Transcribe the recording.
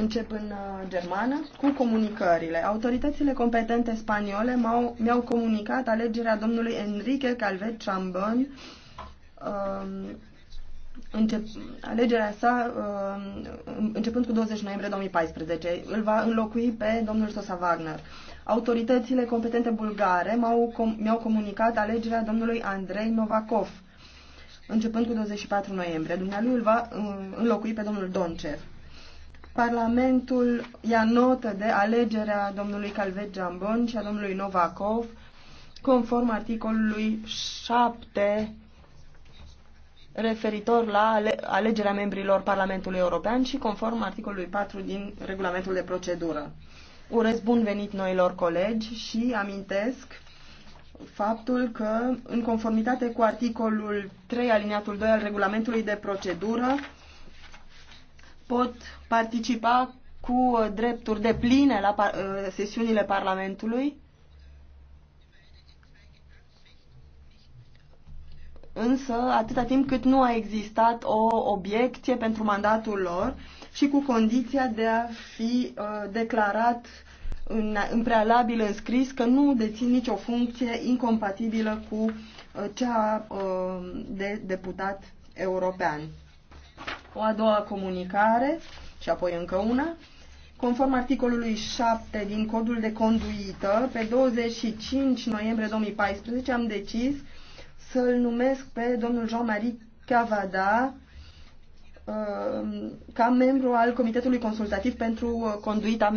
Încep în uh, germană cu comunicările. Autoritățile competente spaniole m-au, mi-au comunicat alegerea domnului Enrique Calvet Chambon, um, încep, alegerea sa um, începând cu 20 noiembrie 2014. Îl va înlocui pe domnul Sosa Wagner. Autoritățile competente bulgare m-au, com, mi-au comunicat alegerea domnului Andrei Novakov, începând cu 24 noiembrie. Dumnealui îl va uh, înlocui pe domnul Doncev. Parlamentul ia notă de alegerea domnului Calvet Jambon și a domnului Novakov, conform articolului 7 referitor la alegerea membrilor Parlamentului European și conform articolului 4 din regulamentul de procedură. Urez bun venit noilor colegi și amintesc faptul că, în conformitate cu articolul 3 aliniatul 2 al regulamentului de procedură, pot participa cu drepturi de pline la uh, sesiunile Parlamentului, însă atâta timp cât nu a existat o obiecție pentru mandatul lor și cu condiția de a fi uh, declarat în, în prealabil înscris că nu dețin nicio funcție incompatibilă cu uh, cea de deputat european o a doua comunicare și apoi încă una. Conform articolului 7 din codul de conduită, pe 25 noiembrie 2014 am decis să-l numesc pe domnul Jean-Marie Cavada uh, ca membru al Comitetului Consultativ pentru uh, Conduita